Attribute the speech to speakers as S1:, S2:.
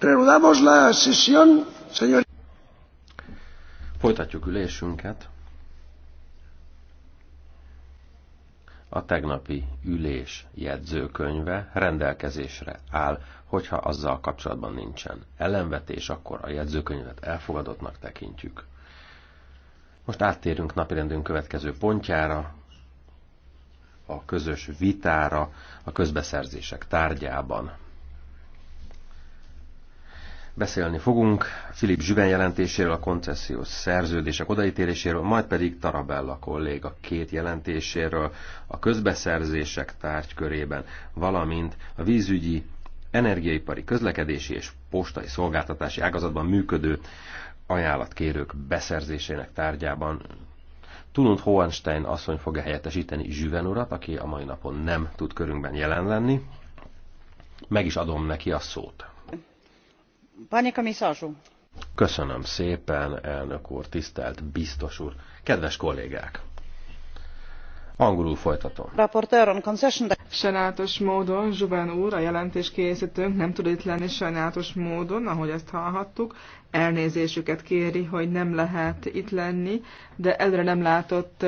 S1: Reanudamos la
S2: sesión,
S1: señor. Folytatjuk ülésünket. A tegnapi ülés jegyzőkönyve rendelkezésre áll, hogyha azzal kapcsolatban nincsen ellenvetés, akkor a jegyzőkönyvet elfogadottnak tekintjük. Most áttérünk napirendünk következő pontjára, a közös vitára a közbeszerzések tárgyában. Beszélni fogunk Filip Zsüven jelentéséről, a koncesziós szerződések odaítéléséről, majd pedig Tarabella kolléga két jelentéséről, a közbeszerzések tárgykörében, valamint a vízügyi, energiaipari, közlekedési és postai szolgáltatási ágazatban működő ajánlatkérők beszerzésének tárgyában. Tulund Hohenstein asszony fogja helyettesíteni Zsüven urat, aki a mai napon nem tud körünkben jelen lenni. Meg is adom neki a szót.
S3: Panie komisarzu!
S1: Köszönöm szépen, elnök úr, tisztelt biztos úr, kedves kollégák! Angolul folytatom.
S2: Sajnálatos módon Zsuván úr, a jelentés készítőnk nem tud itt lenni sajnálatos módon, ahogy ezt hallhattuk. Elnézésüket kéri, hogy nem lehet itt lenni, de előre nem látott